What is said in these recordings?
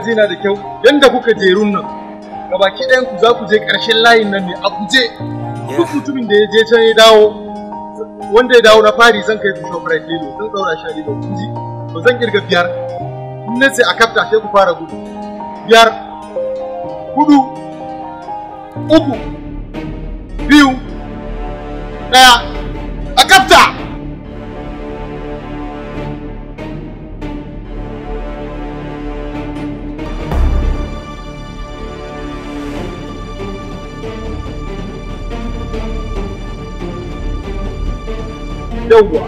kuna na da kyau yadda kuka jerun nan gabaki ɗayan ku za ku je ƙarshen layin nan ne a je duk mutumin da ya je can ya dawo wanda ya dawo na fari zan kai ku shoprite lilo zan ɗaura shi a lilo ba zan kirga biyar na ce a kafta sai ku fara gudu biyar hudu uku biyu ɗaya a kafta yawwa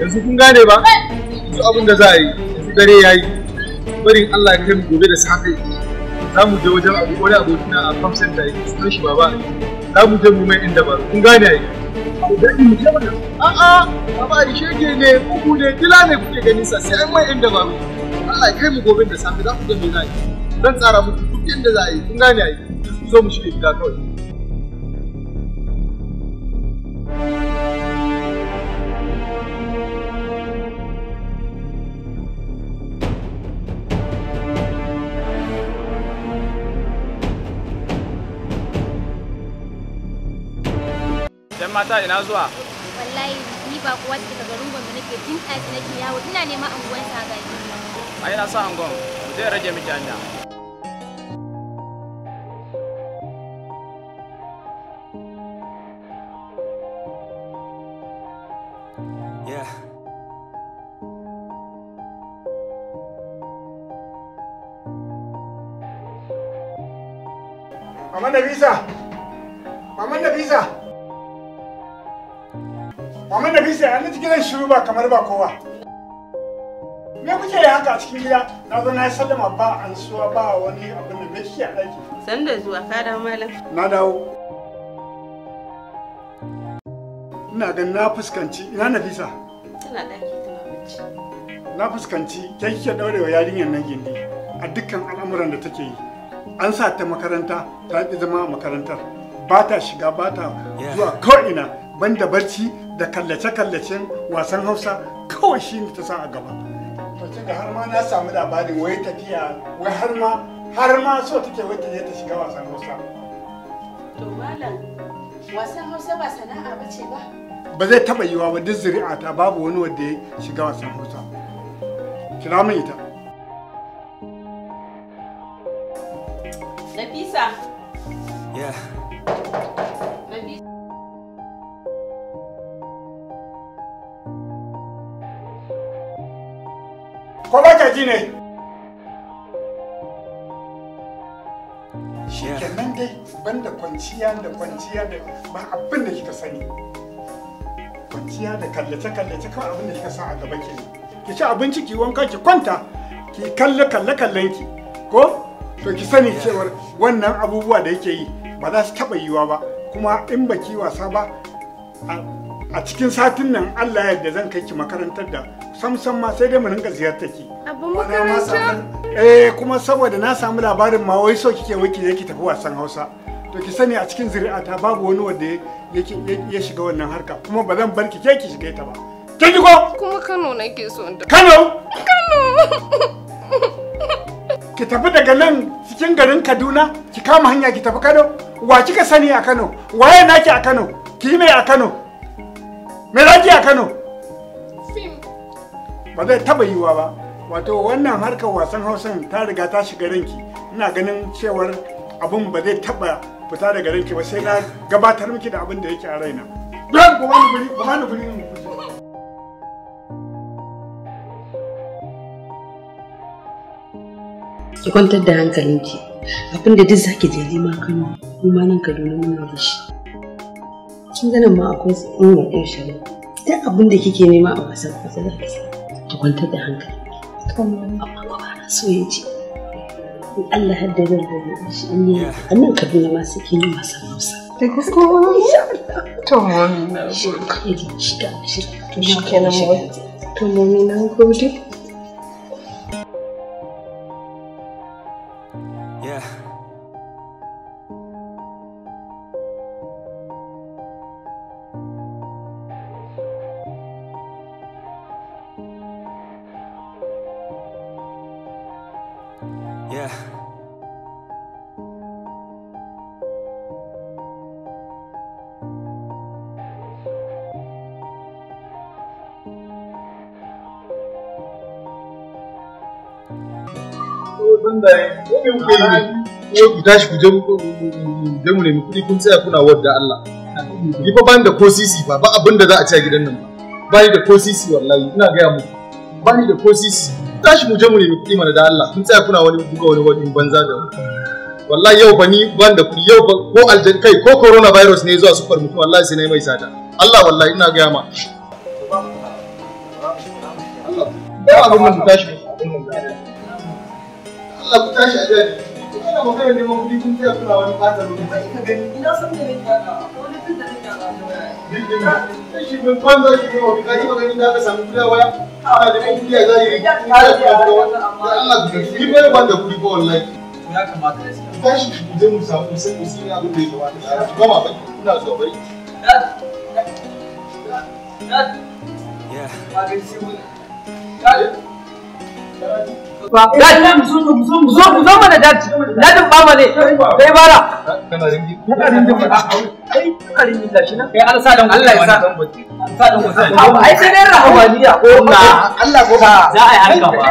yanzu kun gane ba yanzu abin da za a yi yanzu dare ya yi barin Allah ya kai mu gobe da safe za mu je wajen abu wani abokina a farm center yake sunan shi baba za mu je mu mai inda ba kun gane ai a'a baba yi shege ne kuku ne dila ne kuke ganin sa sai an mai inda ba Allah ya kai mu gobe da safe za ku je mai zai zan tsara muku duk yadda za a yi kun gane ai zo mu shige gida kawai mata ina zuwa wallahi ni ba kuwa daga garin gombe nake tun ɗaki nake yawo ina neman anguwan sagaji ai na sa angon zai rage miki hanya Mama Nafisa! Mama Nafisa! Maman da bisa yana cikin gidan shiru ba kamar ba kowa. Me kuke yi haka a cikin gida? Na zo na yi sallama ba an suwa ba wani abin da me a ɗaki? Sanda zuwa ka da malam. Na dawo. Ina ganin na fuskanci ina bisa. Tana ɗaki tana bacci. Na fuskanci ke kike wa yarinyar nan gindi a dukkan al'amuran da take yi. An sa ta makaranta ta ƙi zama a makarantar. Ba ta shiga ba ta zuwa ko'ina banda barci da kallace-kallacen wasan hausa kawai shi ta sa a gaba to ga har ma na samu labarin wai tafiya wai har ma har ma so take wai ta je ta shiga wasan hausa to malam wasan hausa ba sana'a ba ce ba ba zai taba yiwa ba duk zuri'a ta babu wani wanda ya shiga wasan hausa kira min ita Nafisa. Yeah. ko ba ka ji ne shikenan dai banda kwanciya da kwanciya da ba abin da kika sani kwanciya da kallace kallace kawai abin da kika sa a gaba ke ki ci abinci ki wanka ki kwanta ki kalle kalle kallen ki ko to ki sani cewar wannan abubuwa da yake yi ba za su taba yiwa ba kuma in ba baki wasa ba a cikin satin nan Allah ya yarda zan kai ki makarantar da samsam ma sai dai mu rinka ziyarta ki abin makaranta eh kuma saboda na samu labarin ma wai so kike wiki yake tafi wasan Hausa to ki sani a cikin zuri'ata babu wani wanda yake ya shiga wannan harka kuma ba zan bar ki ke ki shiga ita ba kin ji ko kuma Kano nake so in Kano Kano ki tafi daga nan cikin garin Kaduna ki kama hanya ki tafi Kano wa kika sani a Kano waye naki a Kano ki mai a Kano me naki a Kano ba zai taba yiwa ba wato wannan harkar wasan hausan ta riga ta shiga ranki ina ganin cewar abin ba zai taba fita daga ranki ba sai na gabatar miki da abin da yake a raina ki kwantar da hankalinki abin da duk zaki je ji ma kano kuma nan kaduna muna da shi kin ganin ma akwai tsinin ɗin shari'a duk abin da kike nema a wasan kusa. za ki samu ki kwantar da hankali amma ba ba na so ya in Allah hadda zan gani shi in yi annan kaduna ma suke yi masa hausa da gaske to mami na gode shi kenan to na gode ko ku tashi ku je mu nemi kuɗi kun tsaya kuna wadda Allah ni fa bani da ko sisi ba ba abin da za a ci a gidan nan ba bani da ko sisi wallahi ina gaya muku bani da ko sisi tashi mu je mu nemi kuɗi mana da Allah kun tsaya kuna wani buga wani wani banza da wallahi yau ba ni ban da kuɗi yau ba ko aljan kai ko corona virus ne zuwa super mutum wallahi sai yi mai sata. Allah wallahi ina gaya ma Allah ba abin da tashi ku tashi a jaji Ina magana neman kuɗi kun taya kuna wani ɓata lokaci. gani ina san da nake haka wani tun da nake haka. Bilbil na sai shi bin banza shi ne wani kaji magani da aka samu kuɗi waya. Ana da kuɗi a zahiri. Ana da kuɗi a wani Allah ka gaji. Ni bai ban da kuɗi ko wallahi. Ya kamata da shi. Tashi ku je mu samu sai mu sani abin da ya kamata. Gama ba ina zuwa bari. Dad. Dad. Yeah. Ba gaji Dad. Dad. dad zo zo mana dad dadin baba ne kai bara kana ringi kana ringi kai kana ringi kai an sa dan Allah ya sa sa dan ai sai ko na Allah za a yi harka ba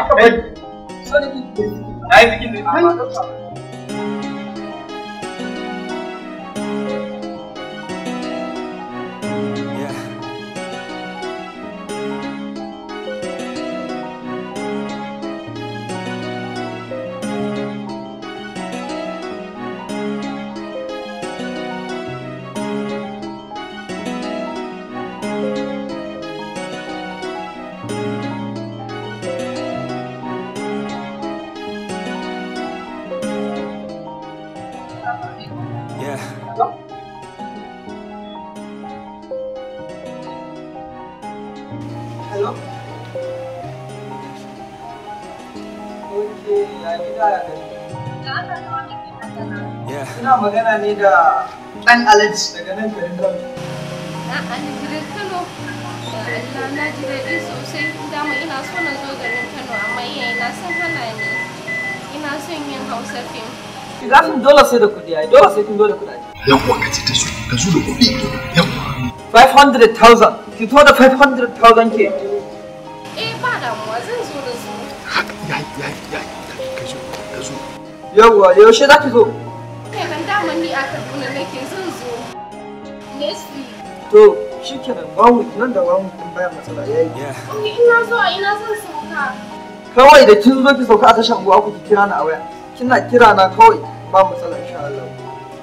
ai bikin ne Ina magana ne da ɗan alaji daga nan garin Kano. A'a ah, Kano. Allah na ji daɗi sosai dama ina so na zo garin Kano amma hana Ina son yin Hausa fim. Shiga sun dole sai da kuɗi ai dole sai kin dole ka ce ta su ta su da kuɗi yawwa. 500,000 fito da 500,000 ke. Eh ba damuwa zan zo da su. Yawwa, yaushe za ki zo? Ne ban daman ni a Kaduna nake zan zo. Next To, shi kenan wawu nan da wawu kun baya matsala yayi. Ni ina a ina zan sauka. Kawai da kin zo ki sauka a tashar unguwa ku ki kira ni a waya. Kina kira na kawai ba matsala insha Allah.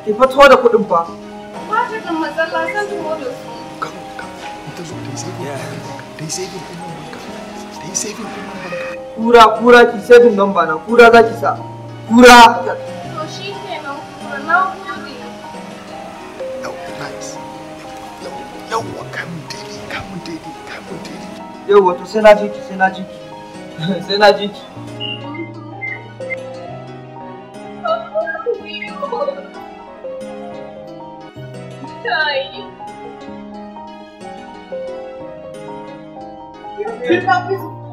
Ki fito da kuɗin fa. Ba ta da matsala zan tuwo da su. Kura kura ki saving number na kura za ki sa. curada. Coxinha não cura, não cura. Não, não, não, não, não, não, não, não, não, não, não, não, não, não, não, não, não, não, não, não, Ai. não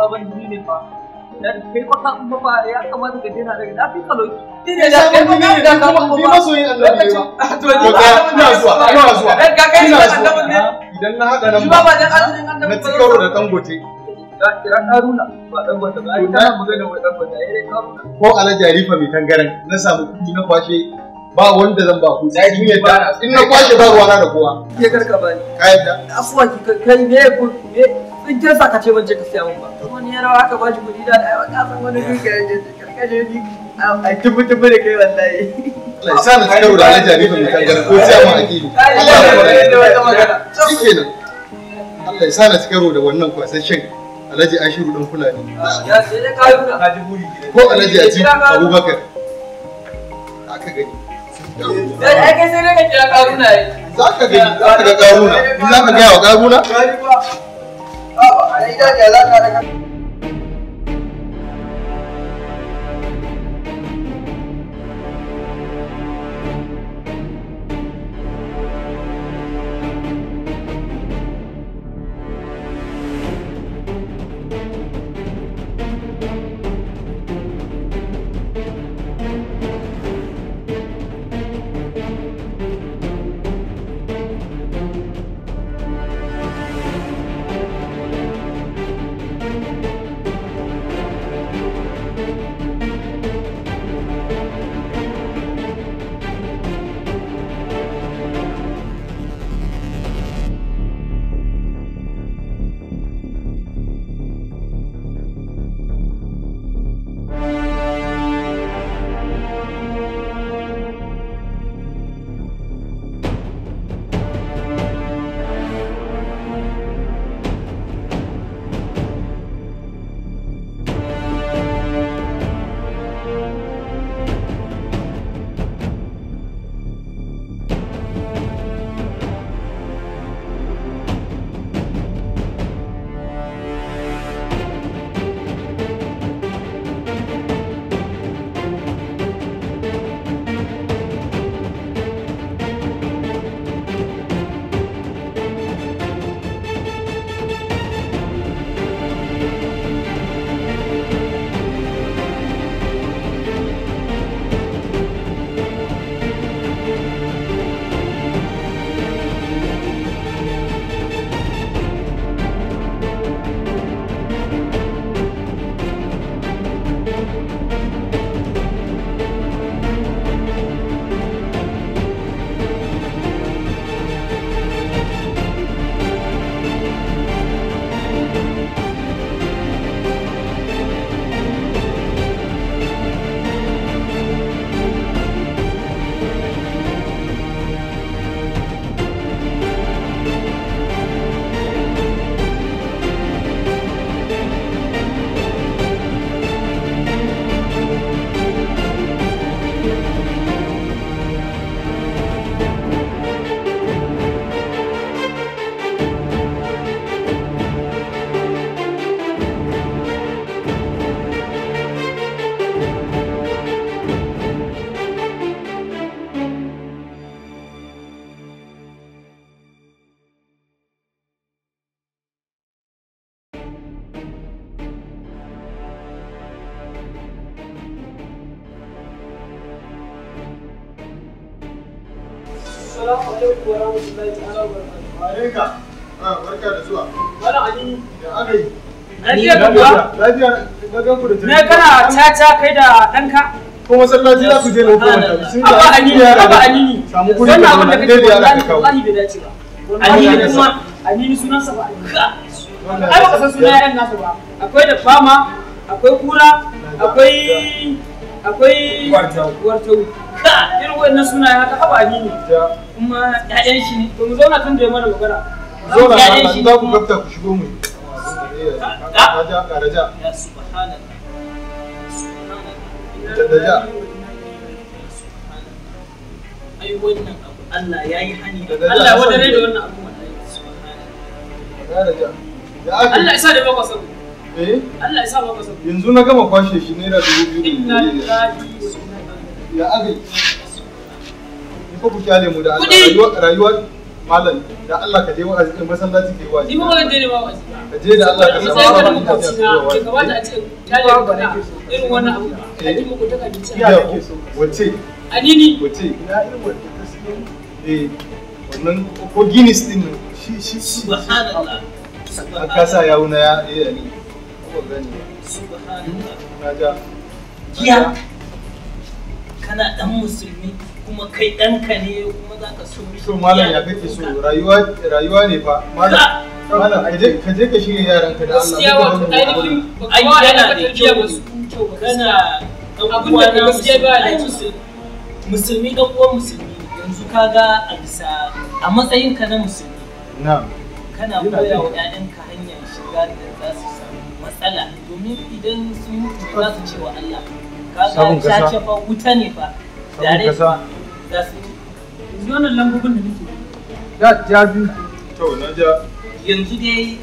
sabon jini ne fa dan kai fa ka kuma fa ya kamata ka dena daga na fi kalo ki ne da kai kuma da ka kuma ni masoyin Allah ne ba to ina zuwa ina zuwa dan ka kai ina zuwa idan na hada nan ba ba dan azumin annabi na cikaro da dangote kira karuna ba dangote ba ai kana magana wa dangote ai ko alaja rifa mai tangaran na samu kuɗi na kwashe ba wanda zan ba ku sai kun yadda in na kwashe ba ruwana da kowa ke karka ba ka yadda afuwa ki kai me ku me in ta sa ka ce ban je ka siya mun ba wani ya rawa ba da da ka san wani ni a tubu tubu da kai wallahi Allah ya sa na tsaye da alhaji Hanifa mai ko siya ma akili shikenan Allah ya sa na da wannan kwasashen Alhaji Ashiru dan Fulani ko Alhaji Aji Abubakar aka gani Dan ake sai ka kira karuna. Za ka gani, za ka ga karuna. Za ka gaya wa karuna? 啊，来一个，再来一个。Bare ka. Ah, da na ganku kai da Ko masallaci za ku je na hukumar ta. Sun Samu da kuma Ai ba. Akwai da fama, akwai kura, akwai akwai wartau. Wartau. Ka irin wannan sunaye haka ba ani kuma ƴaƴan shi ne to mu zauna tun da mana magana zo na za ku gafta ku shigo mu raja raja ya subhanallah subhanallah ai wannan abu Allah ya yi hani Allah wanda ne da wannan abu wallahi subhanallah Allah isa da baka sabo eh Allah sa baka sabo yanzu na gama kwashe shi naira dubu biyu ya agai ko ku kyale mu da Allah rayuwar malam da Allah ka je wa'azi azikin masallaci ke wa'azi ni ba wanda ne ba wa'azi ka je da Allah ka samu rabon ka ga wanda a ce kyale mu da irin wannan abu ka eh. ji mu ku taka bici ya wace anini wace ina irin wace eh wannan ko ginis din nan shi shi subhanallah kasa ya wuna ya eh ani ko gani subhanallah naja kiya kana dan musulmi kuma kai ɗanka ne kuma za ka so mishi. To malam ya kake so rayuwa ne fa malam. Malam ka je ka shirya yaran ka da Allah. Gaskiya wato ainihin an yi yana da kyau ba su kyau da ka uwa ba musulmi. Musulmi ɗan uwan musulmi yanzu kaga a bisa a matsayin ka na musulmi. na. Kana koya wa ƴaƴanka hanyar shiga da za su samu matsala domin idan sun mutu za su ce wa Allah. Kaga ta ce fa wuta ne fa. Dare. yanzu wannan lambobin da nake ja biyu to na ja yanzu dai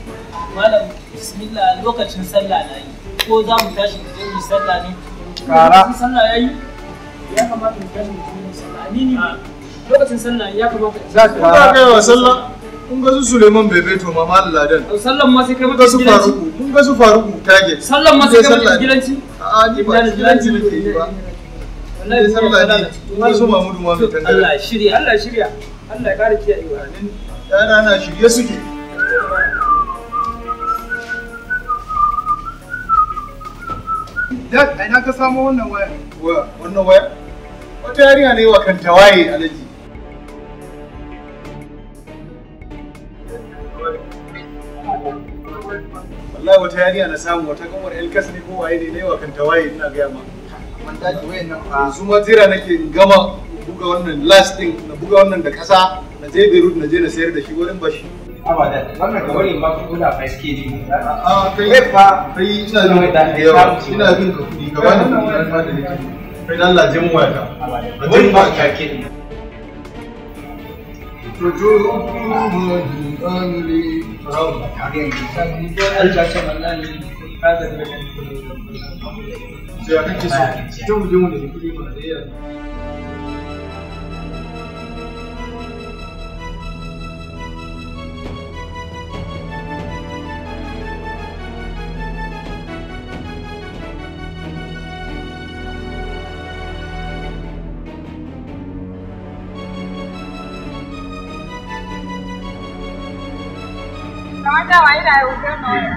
malam bismillah lokacin sallah na yi ko za mu tashi mu jirgin sallah ne kara sallah yi ya kamata mu tashi da jirgin sallah ni ne lokacin sallah ya kamata za ka ga wa sallah kun ga su Suleiman Bebe to Ladan. Sallan ma sai kai mata su faruku. Kun ga su faruku target. Sallan ma sai kai mata gidanci. A'a ni ba gidanci nake yi ba. ne sallah ne su mamudu ma mai tangara Allah shirya Allah shirya Allah ya kare kiyayewa amin yana na shirye suke Dad, ai na ka samo wannan waya. Wannan waya? Wata yarinya ne wa kanta waye alaji. Wallahi wata yarinya na samu wata kamar Elkas ne ko waye ne ne wa kanta waye ina ga ma. yanzu ma jira nake gama buga wannan last din na buga wannan da kasa na je Beirut na je na sayar da shi wurin bashi abadan wannan ga wani ma kula fa suke ji a kai fa kai ina jin da yawa ina jin ka kudi ga wannan kudin ma da nake kai dan lajin wata wani ma kake تجر أمري ربك أنت من هذا اللي يعطيك جو مليون كل يوم هذه nói cho ấy đều cho nồi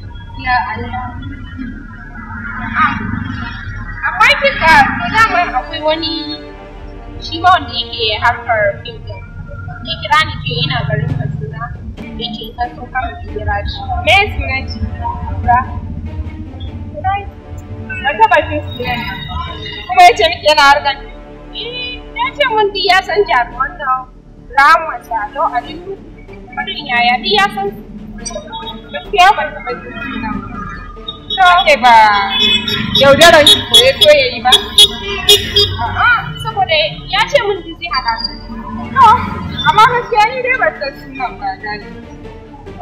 Akwai fika zamar akwai wani shi ba wanda yake harkar fim din. Ya kira ni ke yana garin Katsina ya ce ta so kama kira shi. Me sunan shi? Kura. Ban taɓa jin sunan Kuma ya ce miki yana harkar. Eh, ya ce mun duk ya san jaruman nan. Ramata, Lau Alilu, Madun Yaya, duk ya san gaskiya ban taɓa jin sunan ba ne ba yaudarar ya ya yi ba saboda ya ce mun ji zai haɗa amma gaskiya ni dai ban sunan ba gani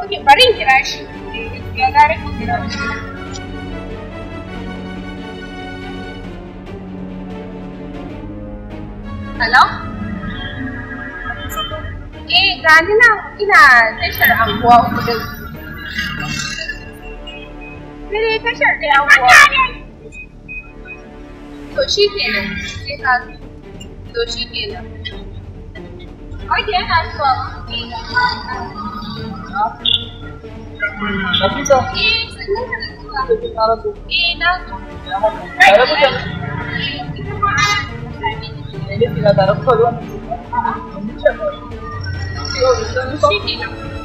ok bari in kira shi eh, gare shi Hello? Eh, gani nan ina tashar anguwa uku Dare tashar da yan To shi kenan. yana Shi kenan.